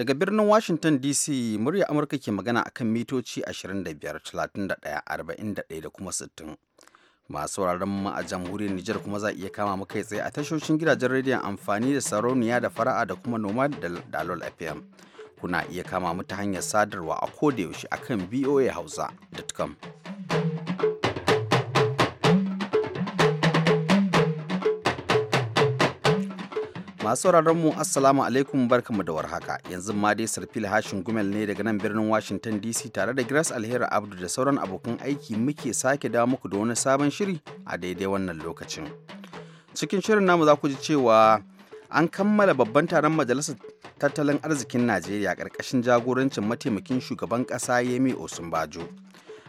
Daga birnin Washington DC murya Amurka ke magana akan mitoci 25, 31, 41 da kuma 60. Masu wuraren mu a jamhuriyar Nijar kuma za iya kama mu kai tsaye a tashoshin gidajen rediyon amfani da sarauniya da fara'a da kuma noma da dalol FM. Kuna iya kama mu ta hanyar sadarwa a kodayaushe akan hausa.com masu sauraron mu assalamu alaikum barkamu da warhaka yanzu ma dai sarfil hashin gumel ne daga nan birnin washington dc tare da grace alheri abdu da sauran abokan aiki muke sake dawo muku da wani sabon shiri a daidai wannan lokacin cikin shirin namu za ku ji cewa an kammala babban taron majalisar tattalin arzikin najeriya ƙarƙashin jagorancin mataimakin shugaban ƙasa yemi osunbajo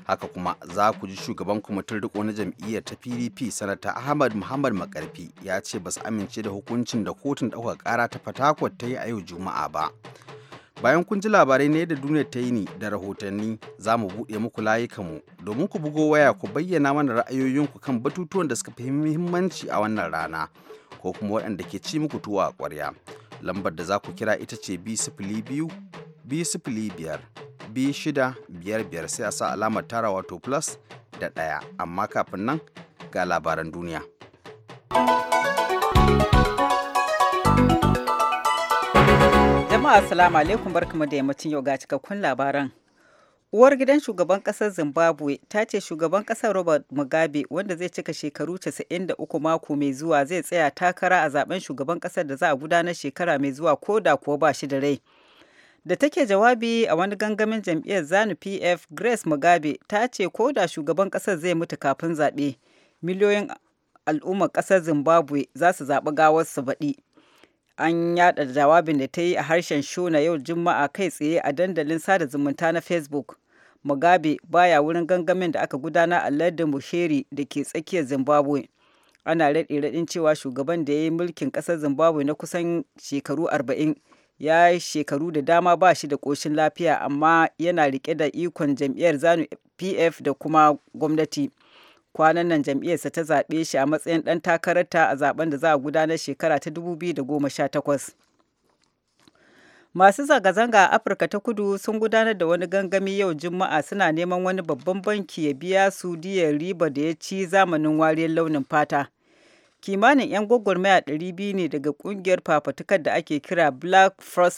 haka kuma za ku ji shugaban kwamitin riko na jam'iyyar ta pdp sanata ahmad muhammad makarfi ya ce ba su amince da hukuncin da kotun ɗaukar ƙara ta fatakwat ta yi a yau juma'a ba bayan kun ji labarai na yadda duniyar ta yi ni da rahotanni za mu buɗe muku layukanmu domin ku bugo waya ku bayyana mana ra'ayoyinku kan batutuwan da suka fi muhimmanci a wannan rana ko kuma waɗanda ke ci muku tuwa a ƙwarya lambar da za ku kira ita ce b sifili biyu biyar sai a sa alamar tara wato plus da ɗaya amma kafin nan ga labaran duniya. Jama'a Salamu alaikum barkamu da yammacin yau ga cikakkun labaran. Uwar gidan shugaban kasar Zimbabwe ta ce shugaban kasar Robert Mugabe wanda zai cika shekaru 93 mako mai zuwa zai tsaya takara a zaben shugaban kasar da za a gudanar shekara mai zuwa ko da kuwa ba shi da rai. da take jawabi a wani gangamin jam'iyyar zanu pf grace mugabe ta ce ko da shugaban kasar zai mutu kafin zaɓe miliyoyin al'ummar kasar zimbabwe za su zaɓi gawarsu baɗi an yada jawabin da ta yi a harshen shona yau juma'a kai tsaye a dandalin sada zumunta na facebook mugabe baya wurin gangamin da aka gudana a lardin musheri da ke tsakiyar zimbabwe ana raɗe raɗin cewa shugaban da ya yi mulkin ƙasar zimbabwe na kusan shekaru arba'in ya yi shekaru da dama ba shi da ƙoshin lafiya amma yana rike da ikon jam'iyyar zanu pf da kuma gwamnati kwanan nan jam'iyyarsa ta zaɓe shi a matsayin ɗan takararta a zaben da za a gudanar shekara ta 2018 masu zanga-zanga a afirka ta kudu sun gudanar da wani gangami yau juma'a suna neman wani babban banki ya biya su diyar riba da ya ci zamanin wariyar launin fata kimanin 'yan gwagwarmaya 200 ne daga kungiyar fafatukar da ake kira black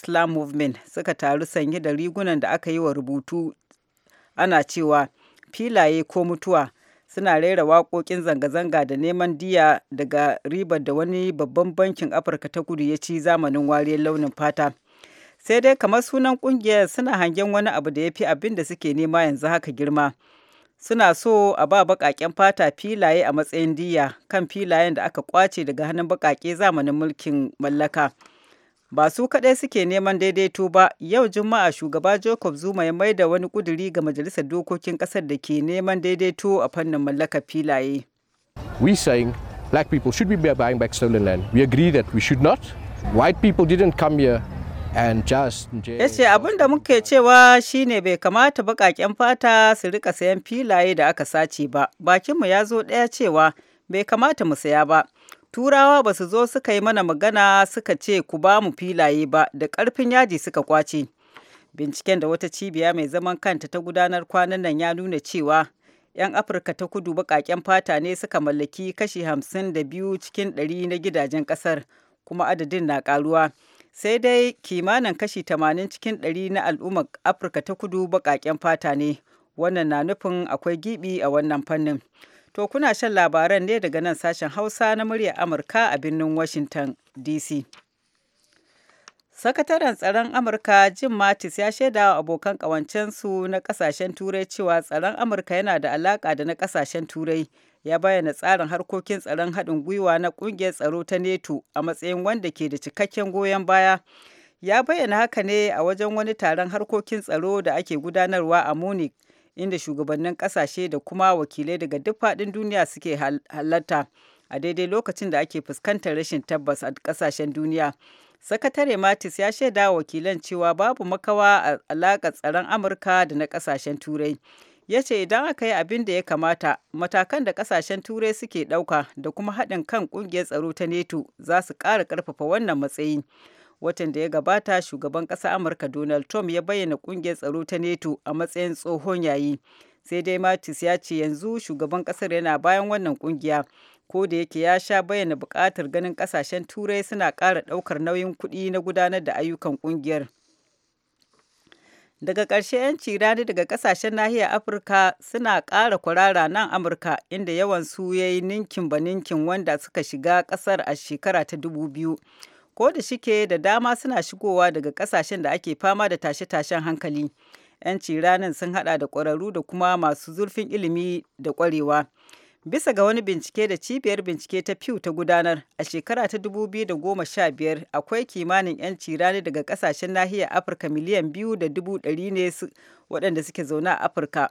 land movement suka taru sanye da rigunan da aka yi wa rubutu ana cewa filaye ko mutuwa suna rera waƙoƙin zanga-zanga da neman diya daga ribar da wani babban bankin afirka ta kudu ya ci zamanin wariyar launin fata sai dai kamar sunan kungiyar suna hangen wani abu da ya fi abin da suke nema yanzu haka girma suna so a ba baƙaƙen fata filaye a matsayin diya kan filayen da aka kwace daga hannun baƙaƙe zamanin mulkin mallaka. Ba su kaɗai suke neman daidaito ba, yau Juma'a shugaba Jacob Zuma ya mai da wani ƙuduri ga Majalisar Dokokin ƙasar da ke neman daidaito a fannin mallakar filaye. We saying black people should be buying back stolen land. We agree that we should not. White people didn't come here Ya ce abin da muke cewa shine bai kamata baƙaƙen fata su rika sayan filaye da aka sace ba. Bakinmu ya zo ɗaya cewa bai kamata mu saya ba. Turawa ba su zo suka yi mana magana suka ce ku ba mu filaye ba da ƙarfin yaji suka kwace. Binciken da wata cibiya mai zaman kanta ta gudanar kwanan nan ya nuna cewa 'yan Afirka ta kudu baƙaƙen fata ne suka mallaki kashi hamsin da biyu cikin 100 na gidajen ƙasar kuma adadin na ƙaruwa. sai dai kimanin kashi 80 cikin 100 na al'ummar afirka ta kudu baƙaƙen fata ne wannan na nufin akwai gibi a wannan fannin to kuna shan labaran ne daga nan sashen hausa na muryar amurka a birnin washington dc sakataren tsaron amurka jim mattis ya shaida wa abokan kawancensu na kasashen turai cewa tsaron amurka yana da alaka da na kasashen turai ya bayyana tsarin harkokin tsaron haɗin gwiwa na ƙungiyar tsaro ta neto a matsayin wanda ke da cikakken goyon baya ya bayyana haka ne a wajen wani taron harkokin tsaro da ake gudanarwa a munich inda shugabannin ƙasashe da kuma wakilai daga duk faɗin duniya suke halarta a daidai lokacin da ake fuskantar rashin tabbas a ƙasashen duniya sakatare matis ya shaida wakilan cewa babu makawa a alaƙar tsaron amurka da na ƙasashen turai ya ce idan aka yi abin da ya kamata matakan da kasashen turai suke ɗauka da kuma haɗin kan ƙungiyar tsaro ta neto za su ƙara ƙarfafa wannan matsayi watan da ya gabata shugaban ƙasa amurka donald trump ya bayyana ƙungiyar tsaro ta neto a matsayin tsohon yayi sai dai matis ya ce yanzu shugaban ƙasar yana bayan wannan ƙungiya ko da yake ya sha bayyana buƙatar ganin ƙasashen turai suna ƙara ɗaukar nauyin kuɗi na gudanar da ayyukan ƙungiyar daga ƙarshe 'yanci rani daga ƙasashen nahiyar afirka suna ƙara kwarara nan amurka inda yawan ya yi ninkin ba ninkin wanda suka shiga ƙasar a shekara ta dubu biyu. ko da shike da dama suna shigowa daga ƙasashen da ake fama da tashe-tashen hankali 'yanci ranin sun haɗa da ƙwararru da kuma masu zurfin ilimi da ƙwarewa Bisa ga wani bincike da cibiyar bincike ta Pew ta gudanar a shekara ta 2015 akwai kimanin 'yanci rani daga kasashen nahiyar Afirka miliyan biyu da dubu ne waɗanda suke zaune a Afirka,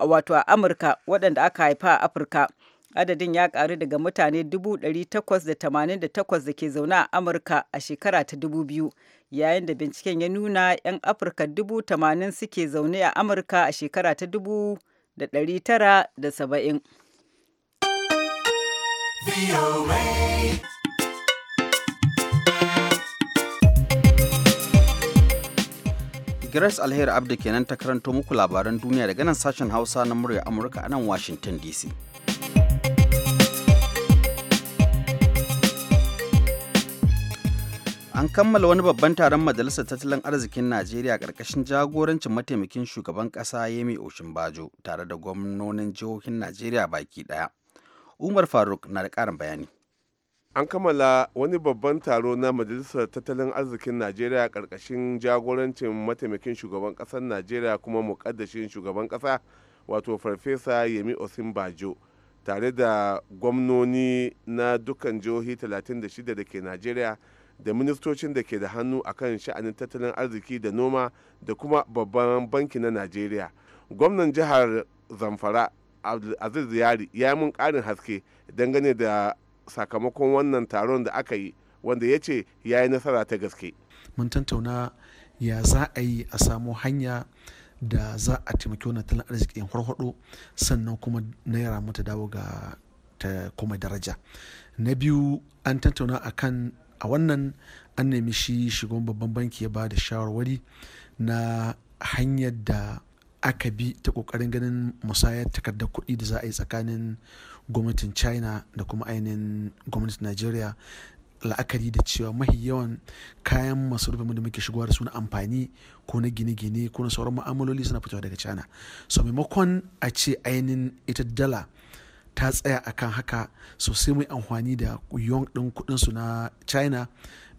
wato a Amurka waɗanda aka haifa a Afirka. Adadin ya ƙaru daga mutane 888 da ke zaune a Amurka a shekara ta 2000, yayin da binciken ya nuna 'yan Afirka 80,000 suke zaune a Amurka a shekara ta 2000. da ɗari tara da saba'in. Grace Alheri Abdu kenan ta karanto muku labaran duniya daga nan sashen Hausa na murya Amurka a nan Washington DC. an kammala wani babban taron majalisar tattalin arzikin najeriya karkashin jagorancin mataimakin shugaban kasa yemi bajo tare da gwamnonin jihohin najeriya baki ɗaya umar faruk na da karin bayani an kammala wani babban taro na majalisar tattalin arzikin najeriya karkashin jagorancin mataimakin shugaban ƙasar najeriya kuma muƙaddashin shugaban kasa wato farfesa yemi bajo tare da gwamnoni na dukkan jihohi 36 da ke najeriya da ministocin da ke da hannu a kan sha'anin tattalin arziki da noma da kuma babban banki na najeriya gwamnan jihar zamfara aziz yari ya yi mun karin haske dangane da sakamakon wannan taron da aka yi wanda ya ce ya yi nasara ta gaske mun tattauna ya za a yi a samo hanya da za a taimaki wannan tattalin arziki yan harhaɗo sannan kuma naira mata dawo ga ta kuma daraja na biyu an tantauna akan a wannan an nemi shi shigon babban banki ya ba da shawarwari na hanyar da aka bi ta kokarin ganin musayar takardar kuɗi da za a yi tsakanin gwamnatin china da kuma ainihin gwamnatin nigeria la'akari da cewa mahi yawan kayan masarufin da muke shigowa da su na amfani ko na gine-gine ko na sauran ma'amaloli suna fitowa daga china so maimakon a ce ainihin ita dala ta tsaya akan haka so sai mu amfani da yon din kudin su na china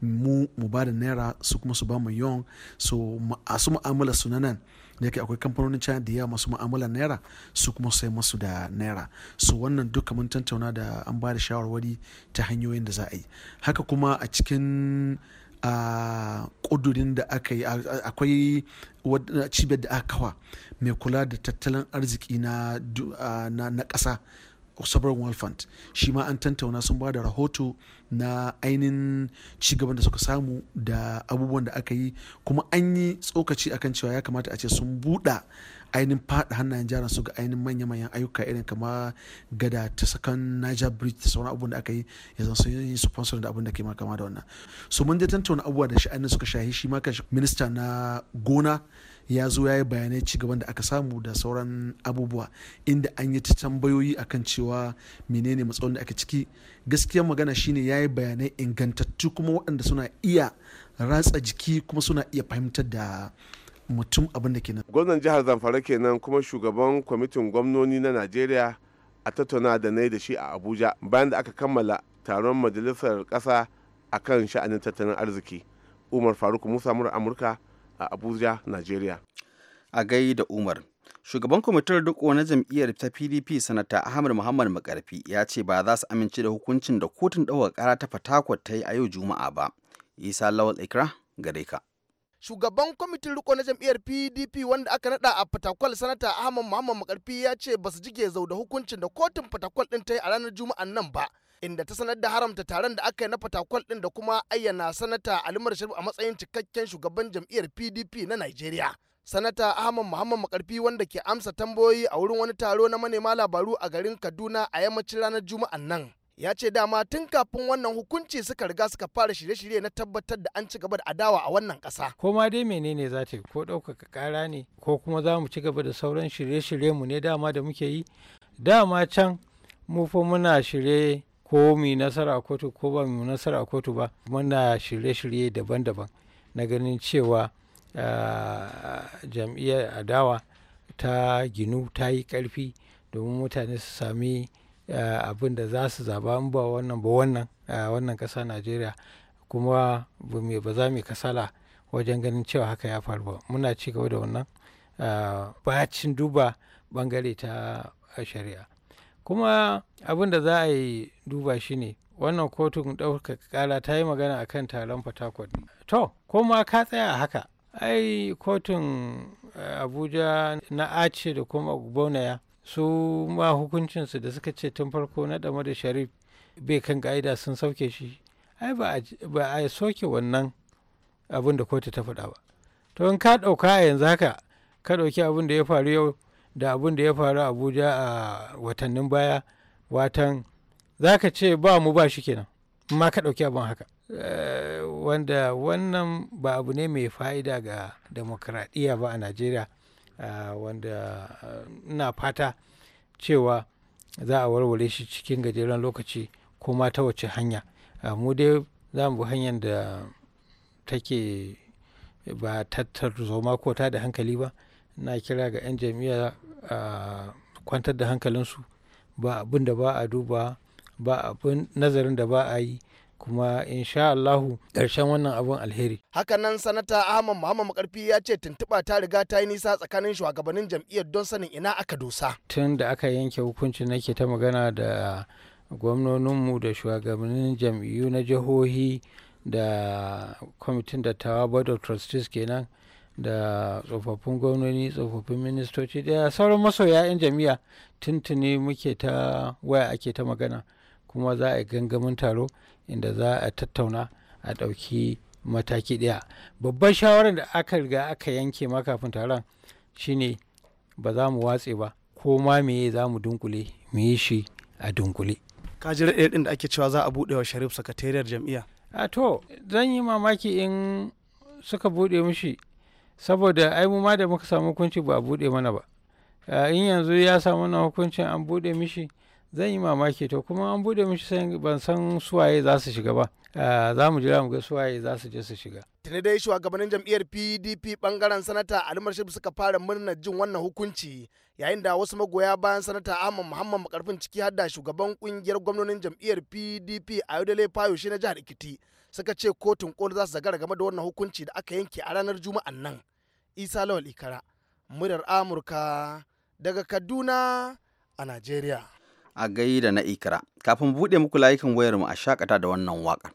mu mu ba da naira su kuma su ba mu yon so masu mu'amala su na nan da yake akwai kamfanonin china da yawa masu mu'amala naira su kuma sai masu da naira so wannan duka mun tantauna da an ba da shawarwari ta hanyoyin da za a yi haka kuma a cikin a kudurin da aka yi akwai cibiyar da aka kawa mai kula da tattalin arziki na ƙasa sovereign world fund shi ma an tantauna sun ba da rahoto na ainihin cigaban da suka samu da abubuwan da aka yi kuma an yi tsokaci akan cewa ya kamata a ce sun buɗa ainihin faɗa hannayen jaran su ga ainihin manya-manyan ayyuka irin kama gada ta sakan niger bridge da sauran abubuwan da aka yi ya zan sun yi sponsor da abin da ke ma kama da wannan so mun je tantauna abubuwa da shi ainihin suka shahi shi ma minista na gona ya zo ya yi bayanai cigaban da aka samu da sauran abubuwa inda an yi ta tambayoyi akan cewa menene matsalolin da ake ciki gaskiyar magana shine ya yi bayanai ingantattu kuma waɗanda suna iya ratsa jiki kuma suna iya fahimtar da mutum abin da kenan. gwamnan jihar zamfara kenan kuma shugaban kwamitin gwamnoni na najeriya a tattauna da na da shi a abuja bayan da aka kammala taron majalisar ƙasa akan sha'anin tattalin arziki umar faruk musa mura amurka a abuja nigeria a gai da umar shugaban kwamitin riko na jam'iyyar ta pdp sanata ahmad muhammad makarfi ya ce ba za su amince da hukuncin da kotun ɗaukar kara ta fatakwat ta yi a yau juma'a ba isa lawal ikra gare ka shugaban kwamitin riko na jam'iyyar pdp wanda aka nada a fatakwal sanata ahmad muhammad makarfi ya ce ba su jige zau da hukuncin da kotun fatakwal din ta yi a ranar juma'an nan ba inda ta sanar da haramta taron da aka yi na fatakwal din da kuma ayyana sanata alimar sharif a matsayin cikakken shugaban jam'iyyar pdp na nigeria sanata ahmad muhammad makarfi wanda ke amsa tambayoyi a wurin wani taro na manema labaru a garin kaduna a yammacin ranar juma'an nan ya ce dama tun kafin wannan hukunci suka riga suka fara shirye-shirye na tabbatar da an ci gaba da adawa a wannan ƙasa. ko ma dai menene za ta yi ko ɗaukaka ƙara ne ko kuma za mu ci gaba da sauran shirye-shirye mu ne dama da muke yi dama can mu fa muna shirye ko mai nasara a kotu ko ba mai nasara a kotu ba muna shirye-shirye daban-daban na ganin cewa ah, jam'iyyar adawa ta ginu ta yi karfi domin mutane su sami ah, abin da za su zaba in ba wannan ba wannan ah, wannan ƙasa najeriya kuma ba za mu kasala wajen ganin cewa haka ya faru ba muna ci gaba da wannan bacin duba bangare ta shari'a kuma abin da za a yi duba shi ne wannan kotun ɗaukaka ƙara ta yi magana akan taron fatakwal to ko ma ka tsaya a haka ai kotun eh, abuja na ace da kuma gbonaya su ma hukuncinsu da suka ce tun farko na dama da sharif bai kan ga'ida sun sauke shi ai ba a soke wannan abin da kotu ta faɗa ba to in ka ɗauka yanzu haka ka ɗauki abin da ya faru yau da abin da ya faru abuja a watannin baya watan za ka ce ba mu ba shi kenan ma ka ɗauki abin haka eh, wanda wannan ba abu ne mai fa'ida ga demokradiyya ba a najeriya wanda eh, ina fata cewa za a warware shi cikin gajeren lokaci kuma ta wace hanya eh, mu dai za mu hanyar da take ba tattar zoma ko ta da hankali ba na kira ga 'yan jami'a. a kwantar da hankalinsu ba abin da ba a duba ba abin nazarin da ba a yi kuma insha Allahu ƙarshen wannan abun alheri. Hakanan sanata Ahmad Muhammad Makarfi ya ce tuntuɓa ta riga ta yi nisa tsakanin shugabannin jam'iyyar don sanin ina aka dosa. Tun da aka yanke hukunci nake ta magana da gwamnoninmu da shugabannin jam'iyyu na jihohi da kwamitin da dattawa board of trustees kenan da tsofaffin gwamnoni tsofaffin ministoci da sauran masoya 'yan jami'a tuntuni muke ta waya ake ta magana kuma za a yi gangamin taro inda za a tattauna a ɗauki mataki ɗaya babban shawarar da aka riga aka yanke makafin taron shine ba za mu watse ba ko ma meye za mu dunkule mu yi shi a dunkule kaji raɗe ɗin da ake cewa za a buɗe wa sharif sakatariyar jam'iyya a to zan yi mamaki in suka buɗe mishi saboda ai mu ma da muka samu hukunci ba a buɗe mana ba in yanzu ya samu na hukuncin an buɗe mishi zan yi mamaki to kuma an buɗe mishi sai ban san suwaye za su shiga ba za mu jira mu ga suwaye za su je su shiga tuni dai shugabannin jam'iyyar pdp bangaren sanata alimar shif suka fara murna jin wannan hukunci yayin da wasu magoya bayan sanata ahmad muhammad makarfin ciki har da shugaban kungiyar gwamnonin jam'iyyar pdp ayodele fayo shi na jihar ikiti suka ce kotun koli za su zagara game da wannan hukunci da aka yanke a ranar juma'an nan isa lawal ikara muryar amurka daga kaduna a nigeria. a gaida na ikara kafin buɗe muku layukan wayar mu a shakata da wannan waka.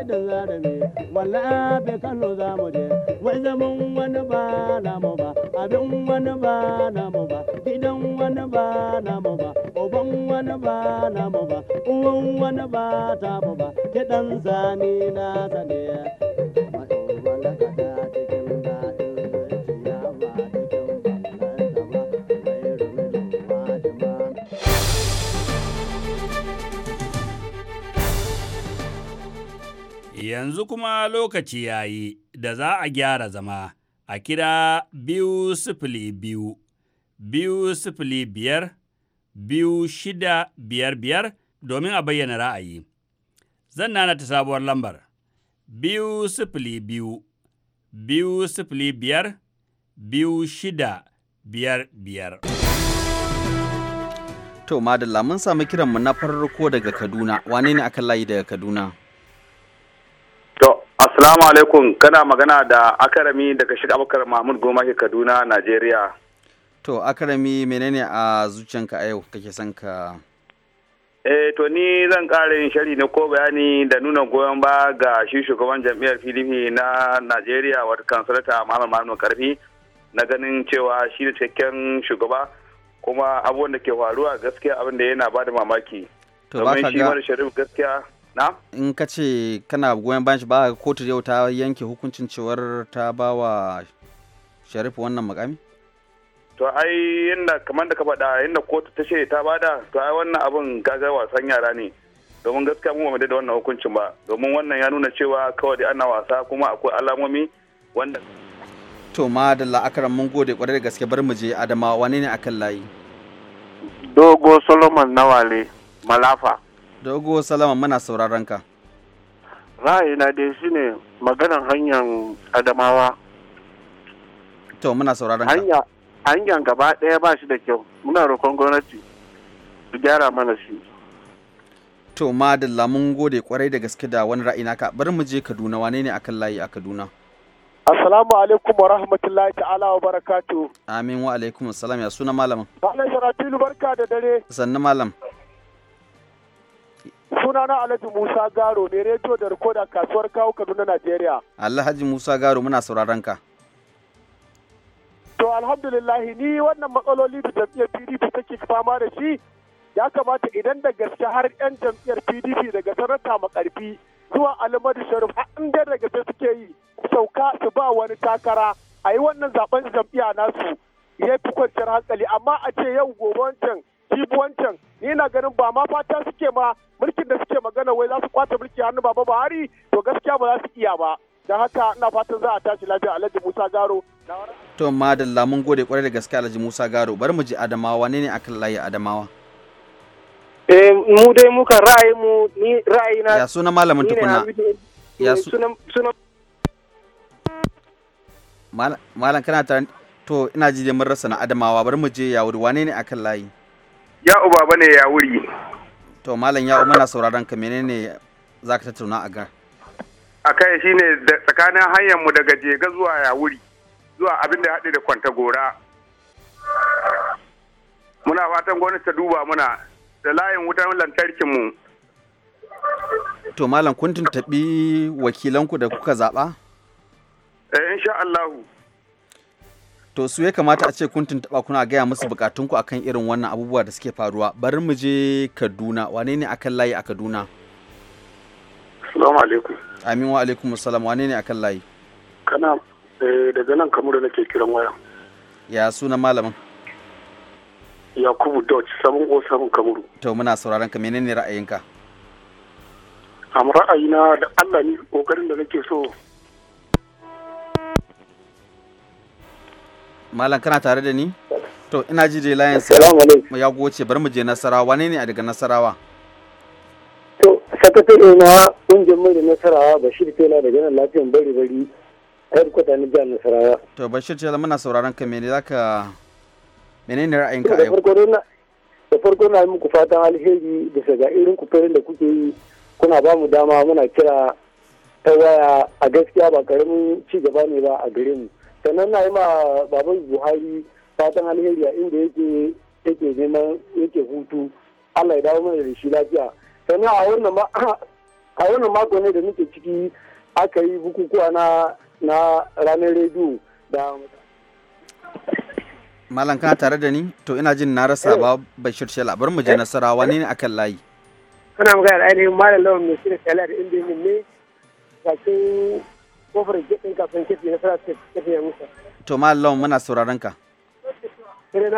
kiɗin zarumi walla bai kano za mu je wai zaman wani ba mu ba abin wani ba mu ba gidan wani ba mu ba uban wani ba mu ba uwan wani ba mu ba kiɗan zani na saniya yanzu kuma lokaci ya yi da za a gyara zama a kira biyu sifili biyu, biyu sifili biyar, biyu shida biyar biyar domin a bayyana ra'ayi. Zan nana ta sabuwar lambar, biyu sifili biyu, biyu sifili biyar, biyu shida biyar biyar. To, Madalla, mun sami kiranmu na farko daga Kaduna, wane ne akan layi daga Kaduna? To, Assalamu alaikum kana magana da akarami daga shiga abokar Mahmud Goma ke Kaduna, Najeriya. To, akarami menene a zuciyanka a yau kake son ka Eh to ni zan ƙara yin shari na ko bayani da nuna goyon ba ga shi shugaban jam'iyyar PDP na Najeriya wata kansulata Mahmud Mahmud Karfi na ganin cewa shi da cikakken shugaba kuma abubuwan da ke faruwa gaskiya abin da yana ba da mamaki. To ba ka ga. Domin shi Sharif gaskiya na in ka ce kana goyon bayan shi ba kotu yau ta yanke hukuncin cewar ta ba wa sharif wannan makami to ai yadda kamar da ka faɗa yadda kotu ta ce ta bada to ai wannan abin gaga wasan yara ne domin gaskiya mu da wannan hukuncin ba domin wannan ya nuna cewa kawai da ana wasa kuma akwai alamomi wanda to ma da la'akaran mun gode kwarai da gaske bar mu je adama wane ne akan layi dogo solomon nawale malafa dogo salama muna sauraron ka ra'ayina dai shine maganan hanyar adamawa to muna sauraron ka hanya hanyar gaba ɗaya ba shi da kyau muna roƙon gwamnati su gyara mana shi to madalla mun gode kwarai da gaske da wani ra'ayi naka bari mu je Kaduna wane ne akan layi a Kaduna Assalamu alaikum wa rahmatullahi ta'ala wa barakatuh. Amin wa alaikum assalam ya suna malamin. Malam Sharafilu barka da dare. Sannu malam. Sunana Alhaji Musa Garo ne rediyo da rikoda kasuwar kawo Kaduna Najeriya. Alhaji Musa Garo muna sauraron ka. To alhamdulillahi ni wannan matsaloli da jam'iyyar PDP take fama da shi ya kamata idan da gaske har 'yan jam'iyyar PDP daga sarata makarfi zuwa Alimadu Sharif a inda da gaske suke yi sauka su ba wani takara a yi wannan zaben jam'iyya nasu ya fi kwanciyar hankali amma a ce yau gobe wancan jibi wancan ni na ganin ba ma fata suke ma mulkin da suke magana wai za su kwace mulki hannu baba Buhari to gaskiya ba za su iya ba dan haka ina fatan za a tashi lafiya Alhaji Musa Garo to madalla mun gode kwarai da gaskiya Alhaji Musa Garo bari mu ji Adamawa ne ne akan layi Adamawa eh mu dai muka ra'ayi mu ni ra'ayi na ya sunan malamin tukunna ya eh, sunan malam kana tare to ina ji da mun rasa na Adamawa bari mu je ya wuri wane ne akan layi ya uba bane ya wuri to malam ya muna sauraron ka menene za ka tattauna a ga a kai ne tsakanin hanyarmu daga jega zuwa ya wuri zuwa abin da ya haɗe da kwanta gora muna fatan gwamnati ta duba muna da layin wutan lantarkinmu. to malam kun tuntuɓi wakilanku da kuka zaɓa? eh insha Allahu to su ya kamata a ce kun tuntuɓa kuna gaya musu bukatun ku akan irin wannan abubuwa da suke faruwa bari mu je kaduna wane ne akan layi a kaduna salamu alaikum amin wa alaikum salam wane ne akan layi kana eh, daga nan kamar da nake kiran waya ya suna malamin yakubu dodge samun o oh samun kamuru to muna sauraron ka menene ra'ayinka am ra'ayina da allah ni kokarin da nake so malam kana tare da ni to ina ji da layin sa ya goce bar mu je nasarawa wane ne a daga nasarawa to sakatare na kungiyar mai da nasarawa bashir tela daga nan lafiyan bari bari headquarter ni jihar nasarawa to bashir tela muna sauraron ka mene zaka menene ra'ayin ka yau da farko na muku fatan alheri da saga irin kufarin da kuke yi kuna ba mu dama muna kira ta waya a gaskiya ba karamin ci gaba ne ba a gare mu sannan na yi ma baban buhari fatan alheri a inda yake yake neman yake hutu allah ya dawo mana da shi lafiya sannan a wannan mako ne da muke ciki aka yi bukukuwa na na ranar rediyo da malam kana tare da ni to ina jin na rasa eh. ba bashir shela bar mu je eh. wani ne akan layi kana magana da ainihin malam lawan mai shirin da inda ne bakin kofar gidin kafin kifi na sarar sauraron ka. na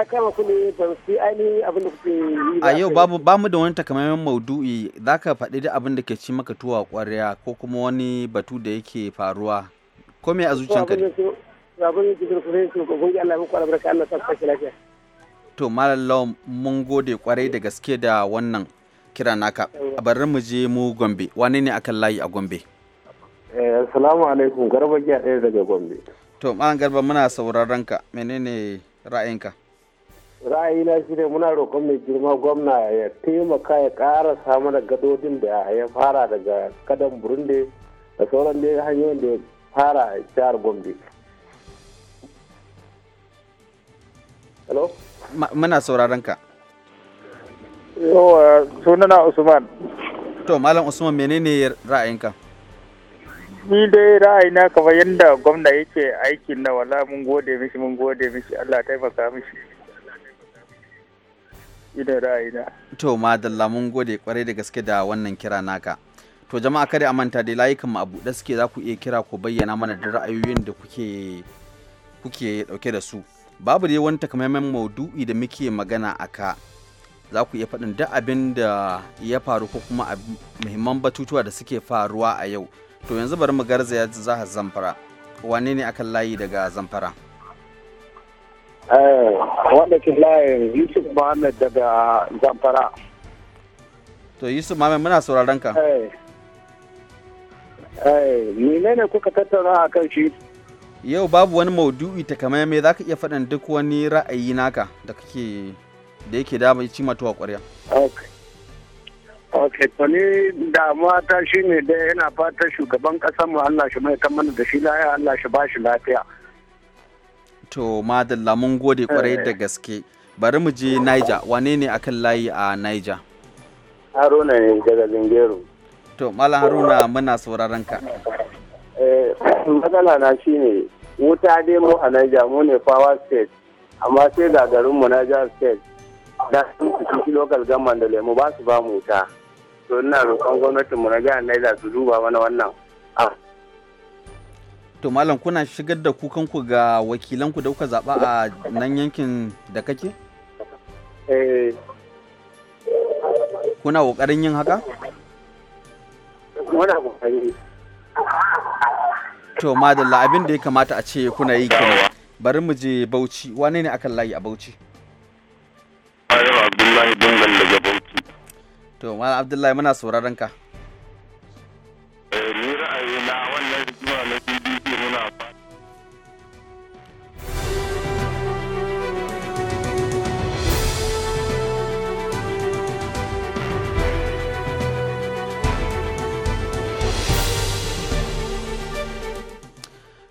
da A yau ba mu da wani takamaiman maudu'i za ka faɗi da abin da ke ci maka tuwa ƙwarya ko kuma wani batu da yake faruwa. Ko me a zuciyanka Abin da To Malam mun gode kwarai da gaske da wannan kira naka. Bari mu je mu Gombe. Wane ne akan layi a Gombe? Eh, assalamu alaikum garba giya ɗaya daga Gombe. To, ma'an Garba muna sauraron ka, menene ra'ayinka? Ra'ayina shi ne muna roƙon mai girma gwamna ya taimaka ya ƙara samu da gadodin da ya fara daga kadan Burundi da sauran da hanyoyin da ya fara jihar Gombe. Hello? Muna sauraron ka. Yawa, sunana Usman. To, Malam Usman menene ra'ayinka? ni dai ra'ayina kamar yadda gwamna yake aikin na wala mun gode mishi mun gode mishi Allah taimaka mishi ina ra'ayina to madalla mun gode kwarai da gaske da wannan kira naka to jama'a kada a manta dai layukan mu a buɗe suke za ku iya kira ku bayyana mana da ra'ayoyin da kuke kuke dauke da su babu dai wani takamaiman maudu'i da muke magana a ka za ku iya faɗin duk abin da ya faru ko kuma muhimman batutuwa da suke faruwa a yau to yanzu bari mu garzaya jihar zamfara wane ne akan layi daga zamfara eh, wanda ke layin yusuf mohamed daga zamfara to yusuf mohamed muna sauraron ka eh. eh, ne kuka tattara a kan shi yau babu wani maudu'i kamar mai zaka iya faɗin duk wani ra'ayi naka da kake da yake damar ci matuwa ƙwarya okay. Ok, wani damuwa ta shi ne da yana fatan shugaban kasan mu Allah shi mai kan mana da shi ya Allah shi ba shi lafiya. To, madalla mun gode kwarai da eh. gaske. Bari mu je Niger, wane ne akan layi a Niger? Haruna ne daga Zingero. To, Malam Haruna muna sauraron ka. Eh, matsala na shi ne, wuta dai mu a Niger mu ne Power State, amma sai ga garinmu Niger State, da sun fi local government da lemu ba su ba mu wuta. so ina roƙon gwamnatin mu na jihar Niger su duba mana wannan to malam kuna shigar da kukan ku ga wakilan ku da kuka zaba a nan yankin da kake eh. kuna kokarin yin haka muna to madalla abin da ya kamata a ce kuna yi kenan bari mu je Bauchi wane ne akan layi a Bauchi Abdullahi Dungal daga to malam abdullahi muna sauraron ka eh, ni ra'ayi na wannan na muna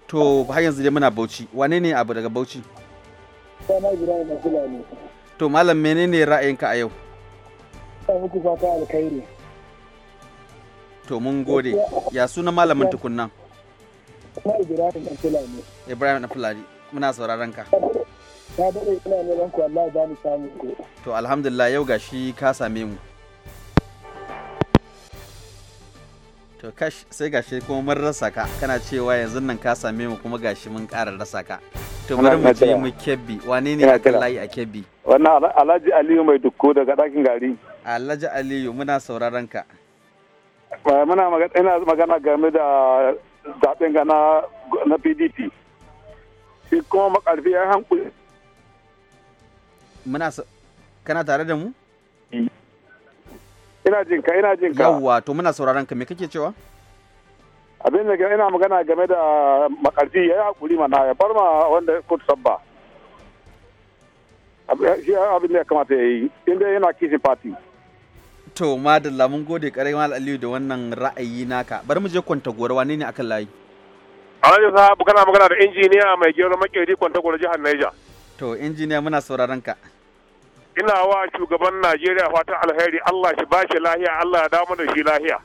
To har yanzu dai muna Bauchi. Wane ne abu daga Bauchi? Sana To malam menene ra'ayinka a yau? muku fata alkhairi to mun gode ya suna malamin tukunnan Ibrahim na Ibrahim na Fulani, muna sauraron ka. Ta dare ina neman ku Allah za mu samu ku. To alhamdulillah yau shi ka same mu. To kash sai shi kuma mun rasa ka kana cewa yanzu nan ka same mu kuma gashi mun ƙara rasa ka. To bari mu je mu kebbi wane ne a layi a kebbi? Wannan Alhaji Aliyu mai dukko daga ɗakin gari. Alhaji Aliyu muna sauraron ka. Muna magana game da zaɓen gana na PDP. Shi kuma makarfi ya hankuli. Muna kana tare da mu? Mm. Ina jinka, ina jinka. Yawwa, to muna sauraron ka me kake cewa? Abin da ina magana game da makarfi ya yi mana ya bar ma wanda kutu sabba. abin da ya kamata ya yi inda yana kisi fati to madalla mun gode karai mal aliyu da wannan ra'ayi naka Bar mu je kwanta gora wane ne akan layi alhaji sahabu kana magana da injiniya mai gero makeri kwanta gora jihar naija to injiniya muna sauraron ka ina wa shugaban najeriya fatan alheri allah shi ba shi lahiya allah ya damu da shi lahiya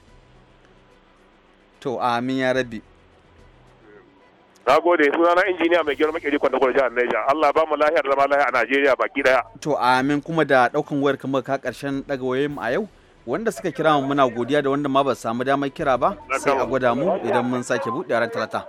to amin ya rabi na gode sunana injiniya mai girma kiri kwanda kwanda jihar Niger Allah ba mu zama lahiya a Najeriya baki daya to amin kuma da daukan wayar kamar ka karshen daga wayoyin mu a yau wanda suka kira mu muna godiya da wanda ma ba samu damar kira ba sai a gwada mu idan mun sake buɗe ran talata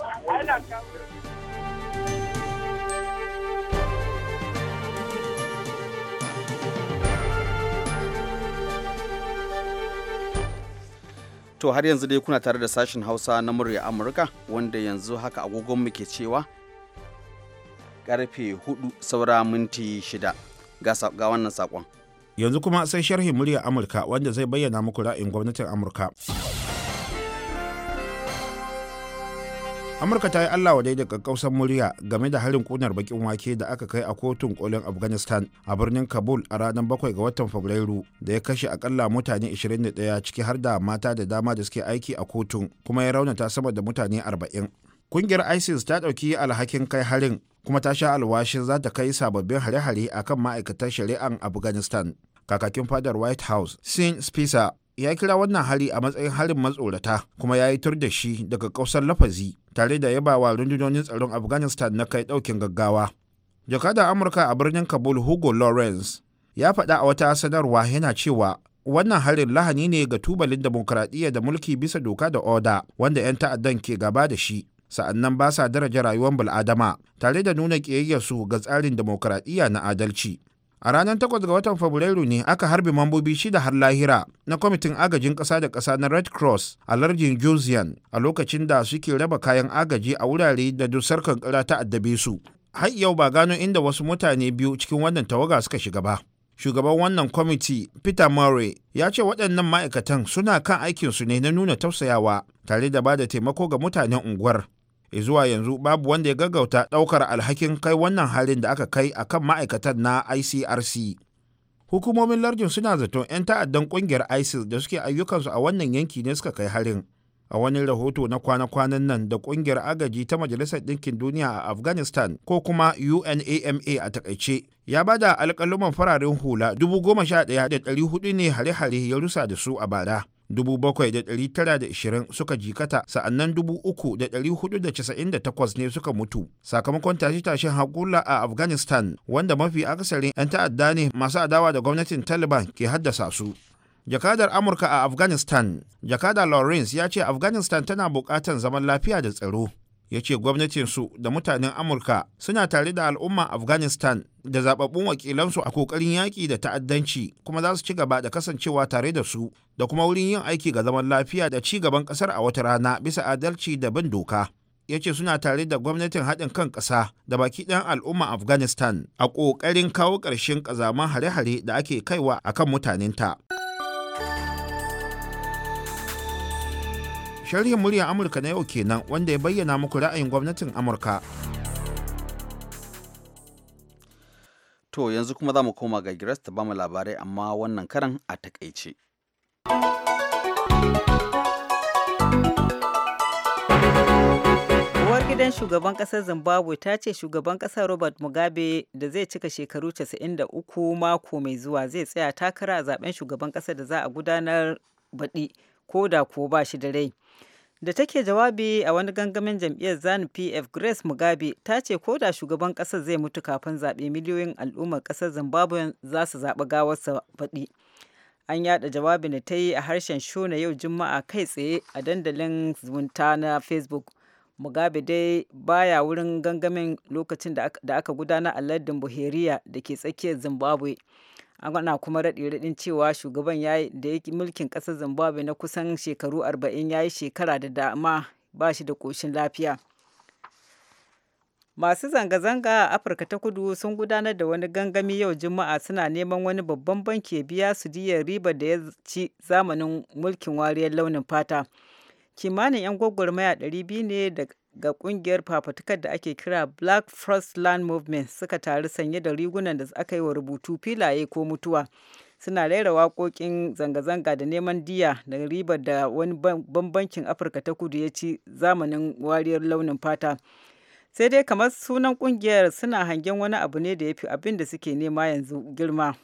To har yanzu dai kuna tare da sashen Hausa na murya Amurka wanda yanzu haka agogonmu ke cewa karfe hudu saura minti shida ga, wannan sakon. Yanzu kuma sai sharhin murya Amurka wanda zai bayyana muku ra'in gwamnatin Amurka. amurka ta yi allah wa daidai kakkausan murya game da harin kunar bakin wake da aka kai a kotun kolin afghanistan a birnin kabul a ranar 7 ga watan fabrairu da ya kashe akalla mutane 21 ciki har da mata da dama da suke aiki a kotun kuma ya raunata sama da mutane 40 kungiyar isis ta ɗauki alhakin kai harin kuma ta sha alwashin za ta kai sababbin hare-hare akan ma'aikatan shari'an afghanistan kakakin fadar white house sin spisa ya kira wannan hari a matsayin harin matsorata kuma ya yi tur da shi daga kausar lafazi tare da wa rundunonin tsaron afghanistan na kai daukin gaggawa jakadar amurka a birnin kabul hugo lawrence ya faɗa a wata sanarwa yana cewa wannan harin lahani ne ga tubalin demokuraɗiyya da mulki bisa doka da oda wanda 'yan ta'addan ke gaba da shi sa'annan ba sa daraja rayuwar bil'adama tare da nuna ƙiyayyarsu ga tsarin demokuraɗiyya na adalci a ranar 8 ga watan fabrairu ne aka harbe mambobi shida har lahira na kwamitin agajin ƙasa da ƙasa na red cross a larjin josian a lokacin da suke raba kayan agaji a wurare da dusar kankara ta addabe su har yau ba gano inda wasu mutane biyu cikin wannan tawaga suka shiga ba shugaban wannan kwamiti peter murray ya ce waɗannan ma'aikatan suna kan aikinsu ne na nuna tausayawa tare da ba da taimako ga mutanen unguwar zuwa yanzu babu wanda ya gaggauta ɗaukar alhakin kai wannan halin da aka kai a kan ma'aikatan na icrc hukumomin larjin suna zaton 'yan ta'addan kungiyar isis da suke ayyukansu a wannan yanki ne suka kai harin a wani rahoto na kwana-kwanan nan da kungiyar agaji ta majalisar ɗinkin duniya a afghanistan ko kuma unama a takaice ya ba da alƙaluman fararen hula 11,400 ne hare-hare ya rusa da su a bara 7,920 suka jikata sa'annan 3,498 ne suka mutu sakamakon tashe-tashen haƙula a afghanistan wanda mafi akasarin 'yan ta'adda ne masu adawa da gwamnatin taliban ke haddasa su jakadar amurka a afghanistan jakada lawrence ya ce afghanistan tana buƙatar zaman lafiya da tsaro ya ce gwamnatinsu da mutanen amurka suna tare da al'umma afghanistan da zababbun wakilansu a kokarin yaƙi da ta'addanci kuma za su ci gaba da kasancewa tare da su da kuma wurin yin aiki ga zaman lafiya da ci gaban ƙasar a wata rana bisa adalci da bin doka ya ce suna tare da gwamnatin haɗin kan ƙasa da baki ɗan al'umma afghanistan a ƙoƙarin kawo ƙarshen ƙazaman hare-hare da ake kaiwa akan mutanenta. sharhin murya amurka na yau kenan wanda ya bayyana muku ra'ayin gwamnatin amurka to yanzu kuma za mu koma ga giras ta bamu labarai amma wannan karan a takaice uwar gidan shugaban kasar zimbabwe ta ce shugaban kasar robert mugabe da zai cika shekaru 93 mako mai zuwa zai tsaya takara a zaben shugaban kasar da za a gudanar baɗi ko da ko ba shi da rai da take jawabi a wani gangamin jam'iyyar zanu pf grace mugabe ta ce ko da shugaban kasar zai mutu kafin zaɓe miliyoyin al'ummar kasar zimbabwe za su zaɓi gawarsa faɗi an yada jawabin da ta yi a harshen shona yau juma'a kai tsaye a dandalin zumunta na facebook mugabe dai baya wurin gangamin lokacin da aka gudana a lardin buheriya da ke tsakiyar zimbabwe ana kuma raɗe-raɗin cewa shugaban da ya mulkin ƙasar zimbabwe na kusan shekaru arba'in ya yi shekara da dama ba shi da ƙoshin lafiya masu zanga-zanga a afirka ta kudu sun gudanar da wani gangami yau juma'a suna neman wani babban banki ya biya su diyar riba da ya ci zamanin mulkin wariyar launin fata kimanin 'yan gwagwarmaya 200 ne da ga kungiyar fafatukar da ake kira Black First Land Movement suka taru sanye da rigunan da aka yi wa rubutu filaye ko mutuwa. Suna rera waƙoƙin zanga-zanga da neman diya da ribar da wani bambancin Afirka ta kudu ya ci zamanin wariyar launin fata. Sai dai kamar sunan kungiyar suna hangen wani abu ne da ya fi abin da suke nema yanzu girma.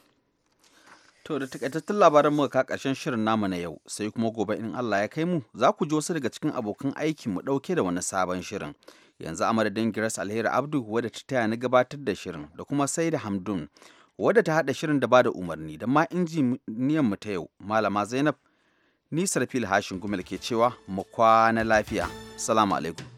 To da takaitattun labaran muka ka ƙarshen shirin namu na yau sai kuma gobe in Allah ya kai mu za ku ji wasu daga cikin abokan aikin mu ɗauke da wani sabon shirin. Yanzu amadadin Giras Alheri Abdu wadda ta taya ni gabatar da shirin da kuma sai da Hamdun wadda ta hada shirin da bada umarni da ma injiniyan mu ta yau Malama Zainab ni Fil Hashin Gumel ke cewa mu kwana lafiya. Assalamu alaikum.